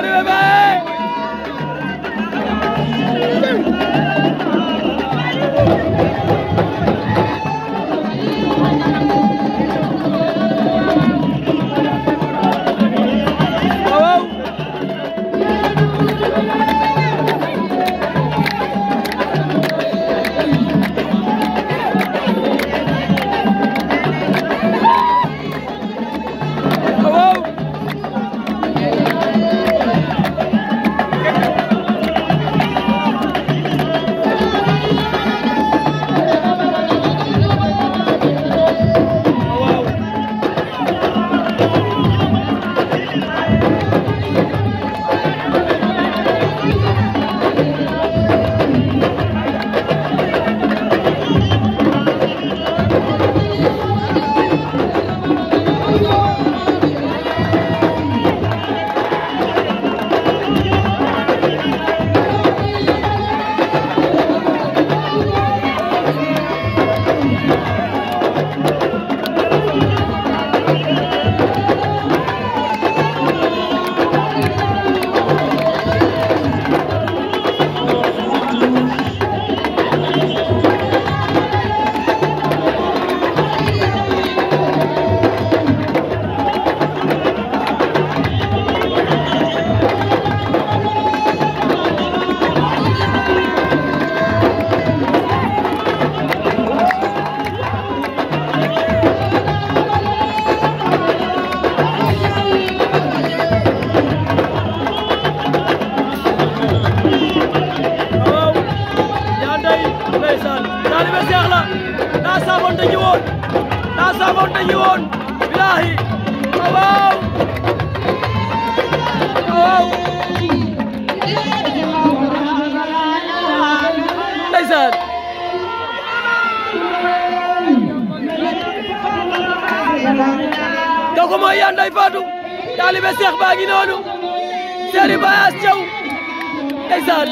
Pode bem Ndeysaan taalibe Seex la daa saafoonte ji woon daa saafoonte ji woon Ndeye Fatou taalibe Cheikh baa ngi noonu Serigne Bayass Thiaw ndeysaan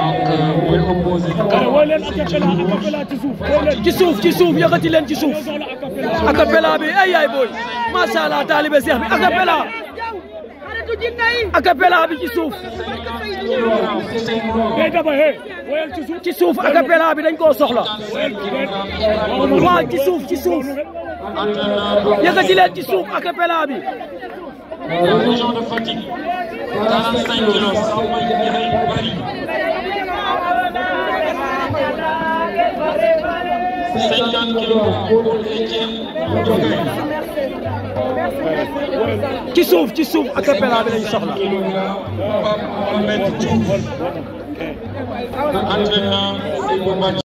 donc euh, mooy ci suuf. woo leen ci suuf ci suuf yëkkati leen ci suuf. acapella bi ay yaay booy. macha allah taalibe seex bi acapella. acapella bi ci suuf. ci suuf ci suuf acapella bi dañ koo soxla. ci suuf ci leen ci suuf acapella bi. région de 50 kilos pour Etienne Ndoye. ci suuf ci suuf ak cappella bi lañ soxla. Pape Mohamed Diouf. entraîneur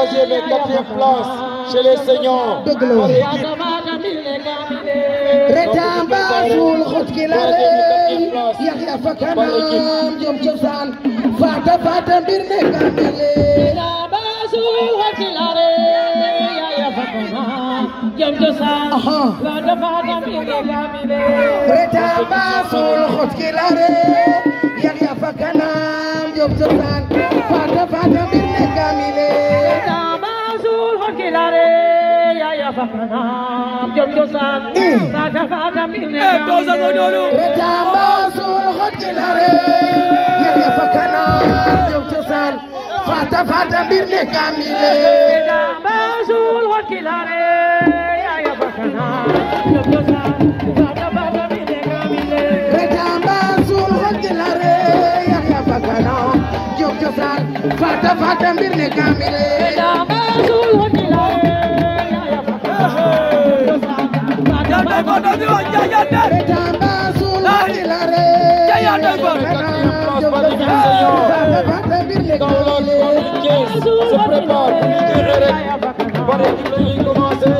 troisième les quatrième place chez les seniors. Retamba sul xutkilale Yahya fakanam jom chosan Fata fata birne kamele Retamba sul xutkilale Yahya fakanam jom chosan Fata fata birne kamele Retamba sul xutkilale yak ya fa kanam job sultan fata fata binne kamile tamasul hokilare ya ya fa kanam job sultan eh. fata fata binne eh, kamile tamasul hokilare ya ya fa kanam job sultan fata fata binne kamile tamasul hokilare dafa dem mbir ne kamile yàtọ̀ ìgbọ̀dọ̀ bí wọ́n jẹ́ yàtọ̀. ìjàmbá sùn lórí la rẹ̀. jẹ́ yàtọ̀ ìgbọ̀dọ̀. Se prépare pour l'intérieur. Voilà, il commence.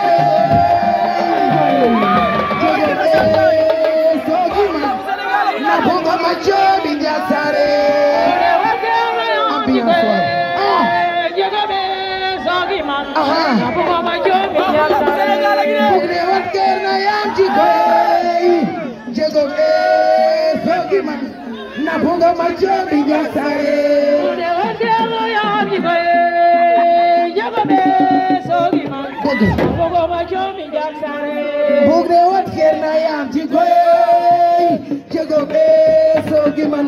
jikoy jego e sogi man na funga marcho bi jasare ude ude mo ya jikoy jego be sogi man na funga marcho bi jasare bugre wat kerna ya jikoy jego e sogi man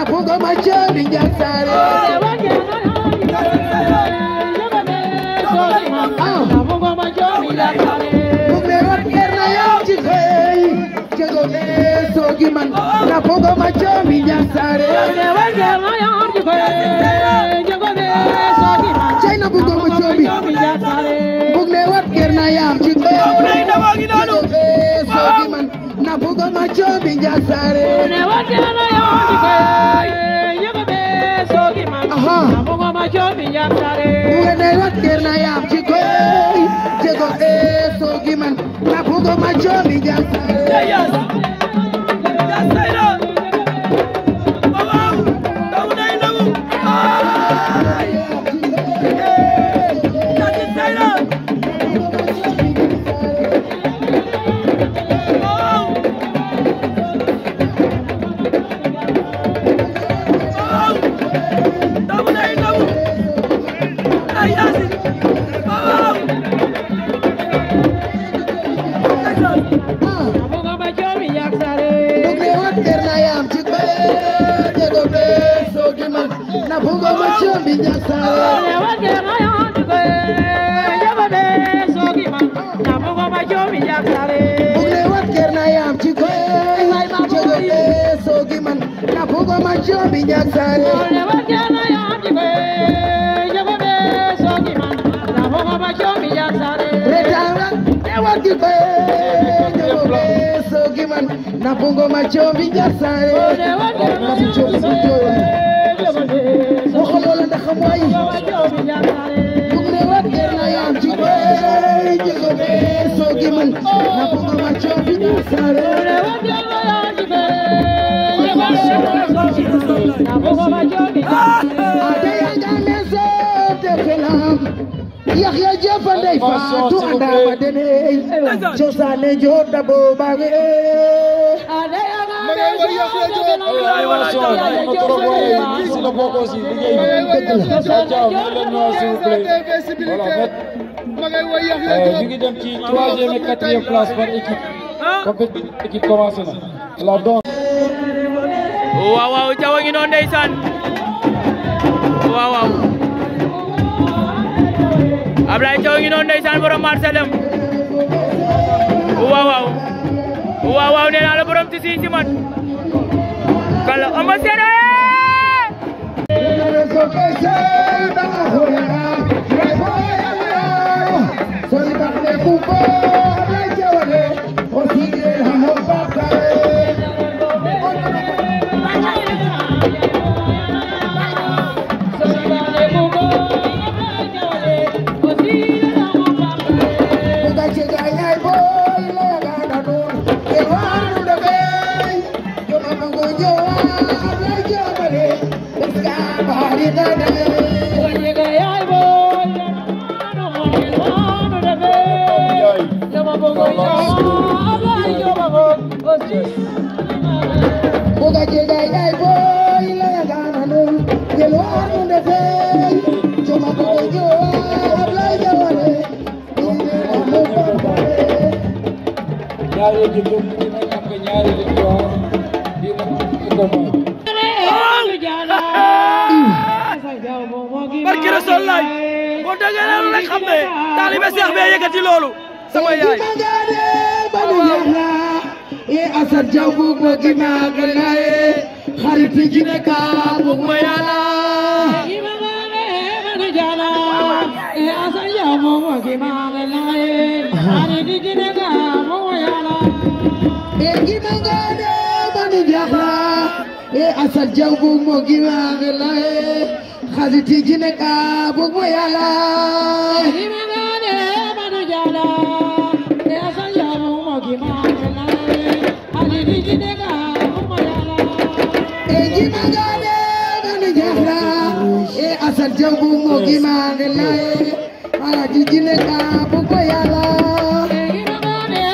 nakuga machoni jasare Numero perna ya chizei Chego meso giman Nakuga machoni jasare Chay nakuga machoni Bugne wat kerna ya chizei Chego meso giman cobi jasare ne watana yawandi ci koy jego e sogi man na bugo ma cobi jasare ñu ngi dem ci troisième et quatrième place par équipe. Ah. compétition équipe commencé na la donc. waaw waaw Diaw a ngi noonu ndeysaan waaw waaw Ablaye Diaw a ngi noonu ndeysaan borom marché dem waaw waaw waaw waaw nee naa la borom ci si si man kala ama seera Soy parte dugub bi nag am nga ñaari victoire bi nag combat. barki Rasul laay boo déggee loolu nag xam ne taalibe Seex bee yëkkati loolu sama yaay. ye asar jaw bu ko gina ganaye xarit jine ka bu ma yala ye asar jaw bu ko gina ganaye xarit mani jahra e asal jawbu mo giwa gela e khaziti jine ka bu mo yala himane e mani jala e asal jawbu mo giwa gela e khaziti jine ka bu mo yala e jimagane mani jahra e asal jawbu mo giwa gela e khaziti jine ka bu mo yala e jimagane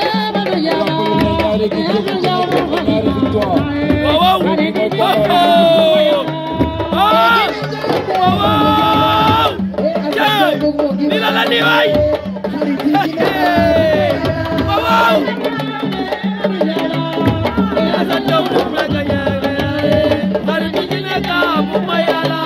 mani jala e asal mira la ni waay waaw yasa taw du ma gañe xarit ji nekk bu ma yàlla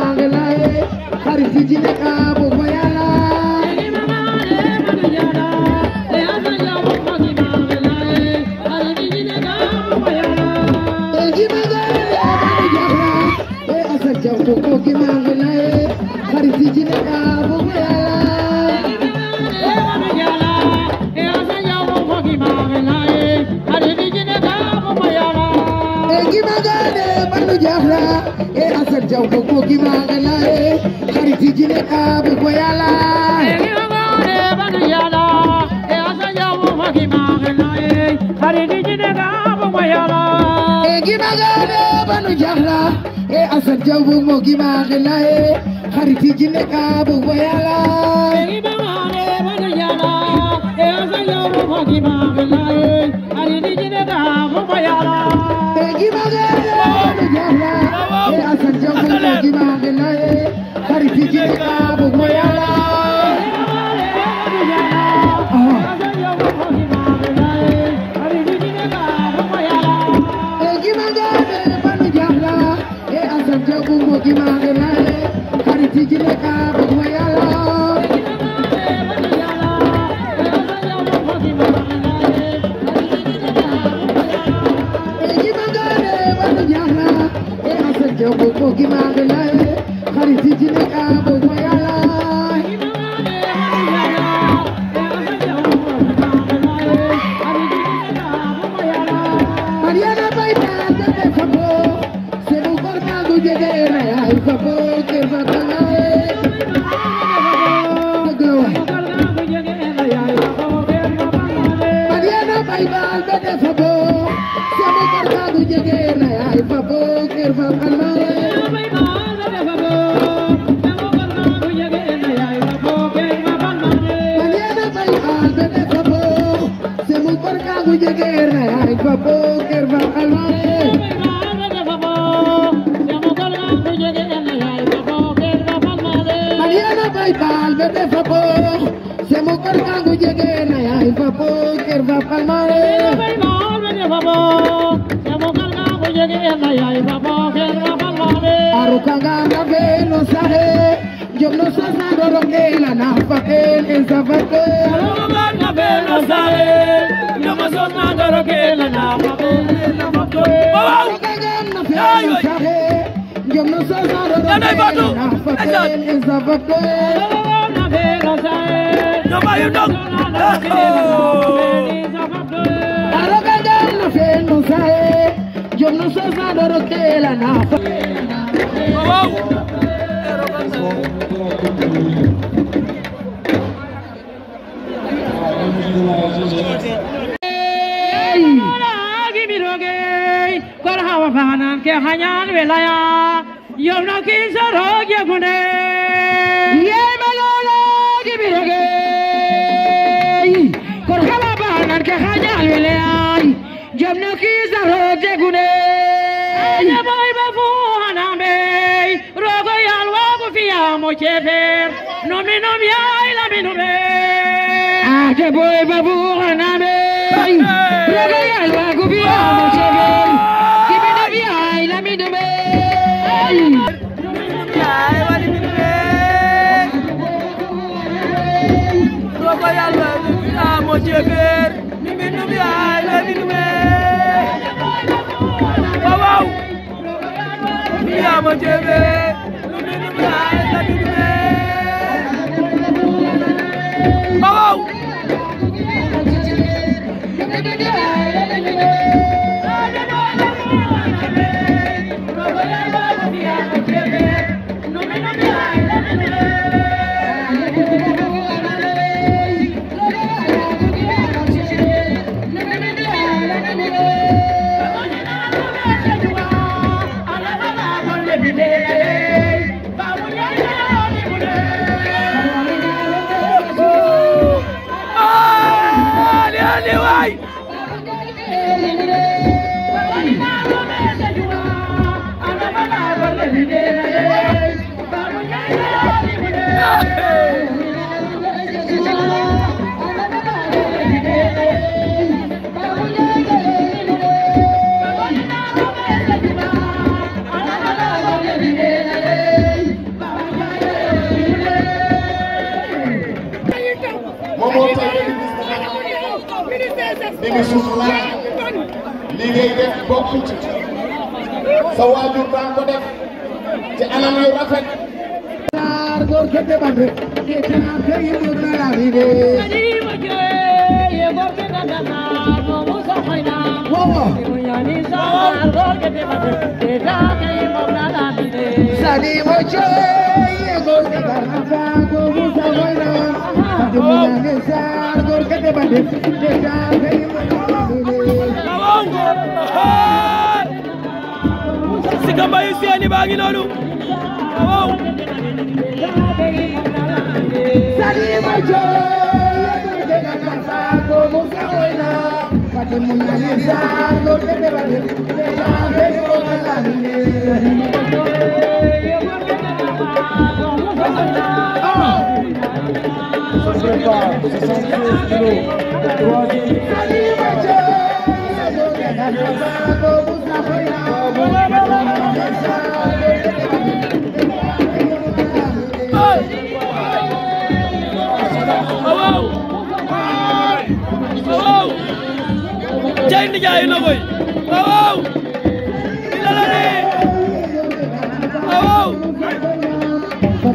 maa ngi lay xarit yi ci nekk bu ko yàlla jaw ko ko gi ma ga na e xariti jine ka bu ko yàlla e gi ma e ba nu yàlla e asa jaw ko gi ma ga na e xariti jine ka bu ko yàlla e gi ma ga e ba nu yàlla e asa jaw ko gi ma ga na e xariti jine ka bu ko yàlla e gi ma e ba nu yàlla e asa jaw ko gi ma ga na e xariti jine ka bu ko yàlla e gi ma ga e asan jaw ko ji ma kari ti ji bu mo ya la Gima de kari ti jile ka bukwa ya. बदलाए खरीदी जीने का बुझाया हरियाणा भाई प्यार दे खबो सेनु करना तुझे दे रहा है खबो के बदलाए हरियाणा भाई बाल दे खबो सेनु करना तुझे दे रहा है खबो के बदलाए guerra, ay papá, que hermano Álvarez. Verde Fapó, se la napa que en zapato. son na doro kela na mabo waaw yaayo jom na son na doro kela na mabo no bayu dog daro kela na feno sae jom na son na doro kela na waaw Thank you. ke hanyan velaya yovna ki sarogya gune ye melola gibiroge kor khala banan ke hanyan velaya yovna ki sarogya gune ye boy bafu haname rogo yalwa ku fiya mo chefer no mi no mi ay la mi no me ate boy bafu haname rogo yalwa ku fiya mo chefer jeber ni minum yaay la ni nume waaw waaw ni yaama jeber ni minum yaay la ni nume Ousmane lii ngay def bokkul ci sa waajur baa ko def ci anam yu rafet naar góor ke de bande ke naar ke yi mu na la di de Sadi mo choy, go to Karnataka, go to Savoy. Sika Mbaye Sène baa ngi noonu waaw Sani ma jo Ce serait pas 60 kilos, troisième. Jangan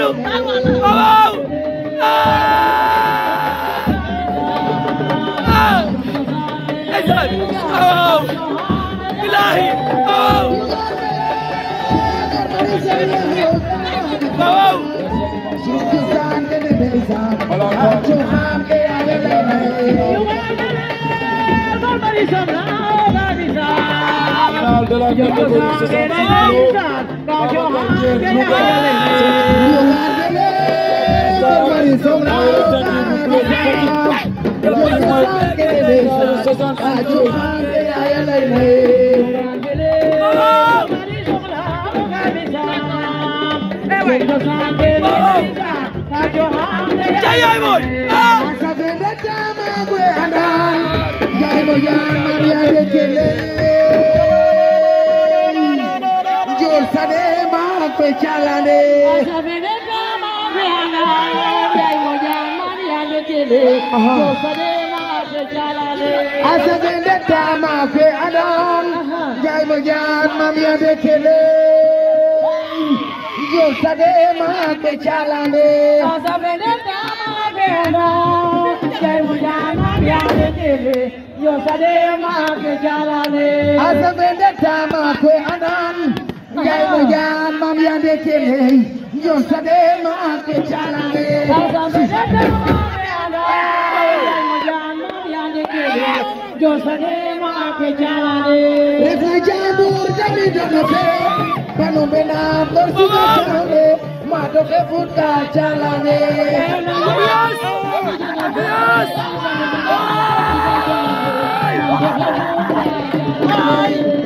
loolu waaw ah ndeysaan waaw bilahi waaw waaw de la Jai Boy, Jai Boy, Jai Boy, Sade ma kwe chalane Sade ma kwe anam Asade ta ma kwe anam Jai mo jan mami ade kele Yo sade ma kwe chalane Asade ta ma kwe anam Jai mo jan mami ade kele Yo sade ma kwe chalane Asade ta ma kwe anam Yellow yam, mommy and the killing. You're the name of the challenge. Yo seré más que chale. Es la llamur, ya me no sé. Fenomenal, por su chale. Mato que puta chale. ¡Adiós! ¡Adiós! ¡Ay! ¡Ay!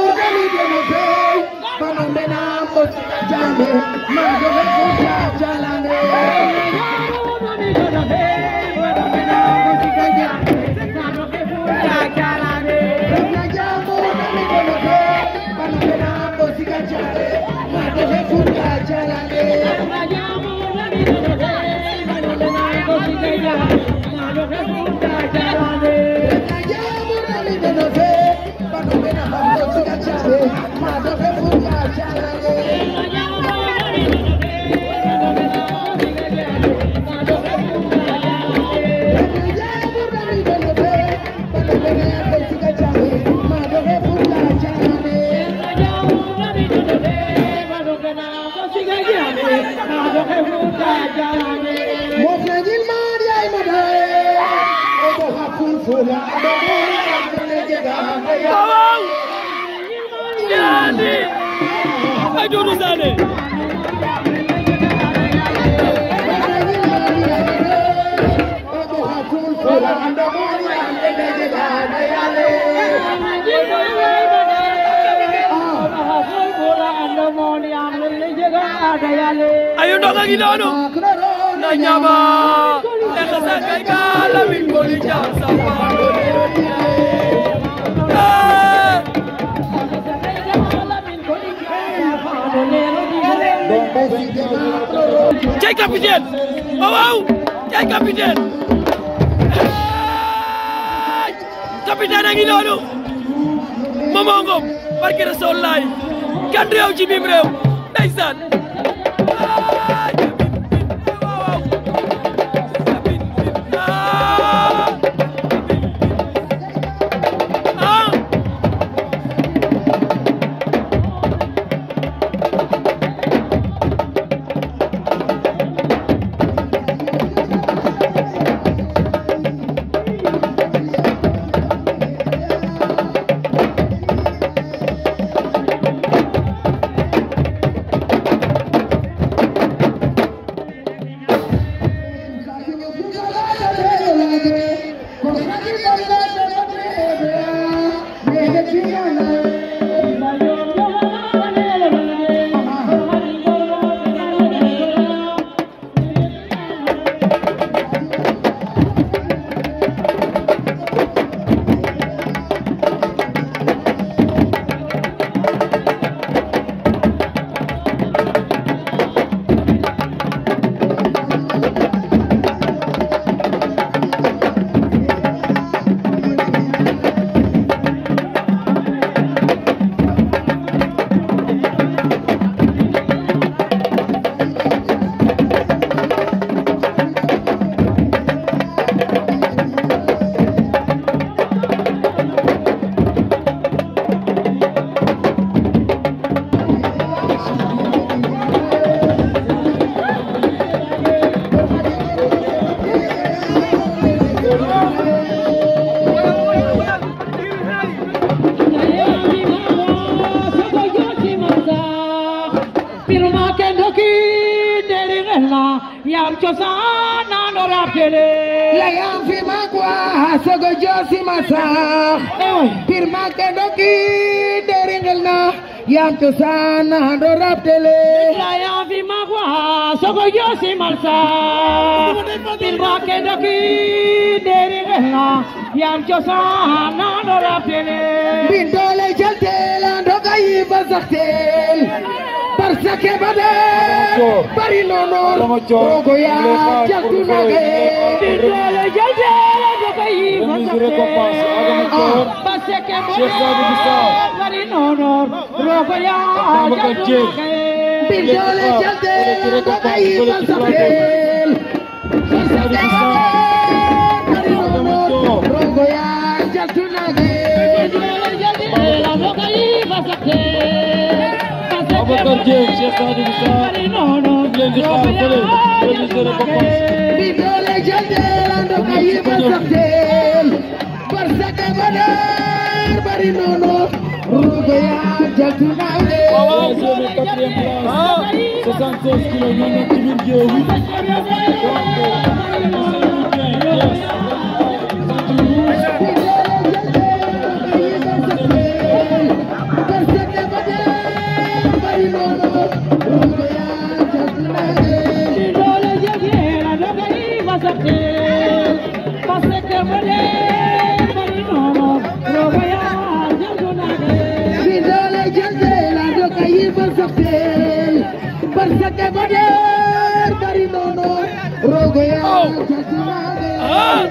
Madre, puta, ya la yaa ngi noonu Momo Ngom barke Rasoul laay kan ci biir réew ndeysaan simasaax eh. pir maake doki deringel na yaam cosaan hando rabtele yaa fi magwa sogo yo simalsaax pir maake doki deringel na yaam cosaan hando rabtele bintole jaltel hando kayi basaxtel parce que ba dee bari nonoor rogo yaa jaltu nage bintole jaltel remise récompense Adama Dior Cheikh Sadou Bissau Babacar Dièye Léegi Fall wala ci récompense wala ci plateau Cheikh Sadou Bissau Adama Dior Babacar Dièye Cheikh Sadou Bissau ñu leen di xaar fële remise de récompense jaldelando kayima saktel barsaka badar bari nono rubeya jatunale waaw c'est le quatrième place 76 kilos ñoo nekk ci biir géew bi waaw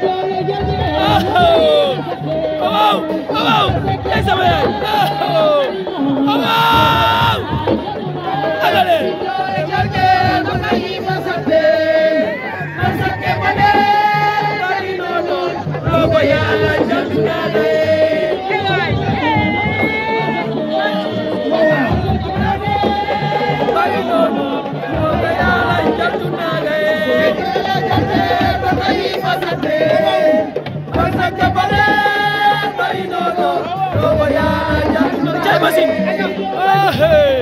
waaw waaw Ei!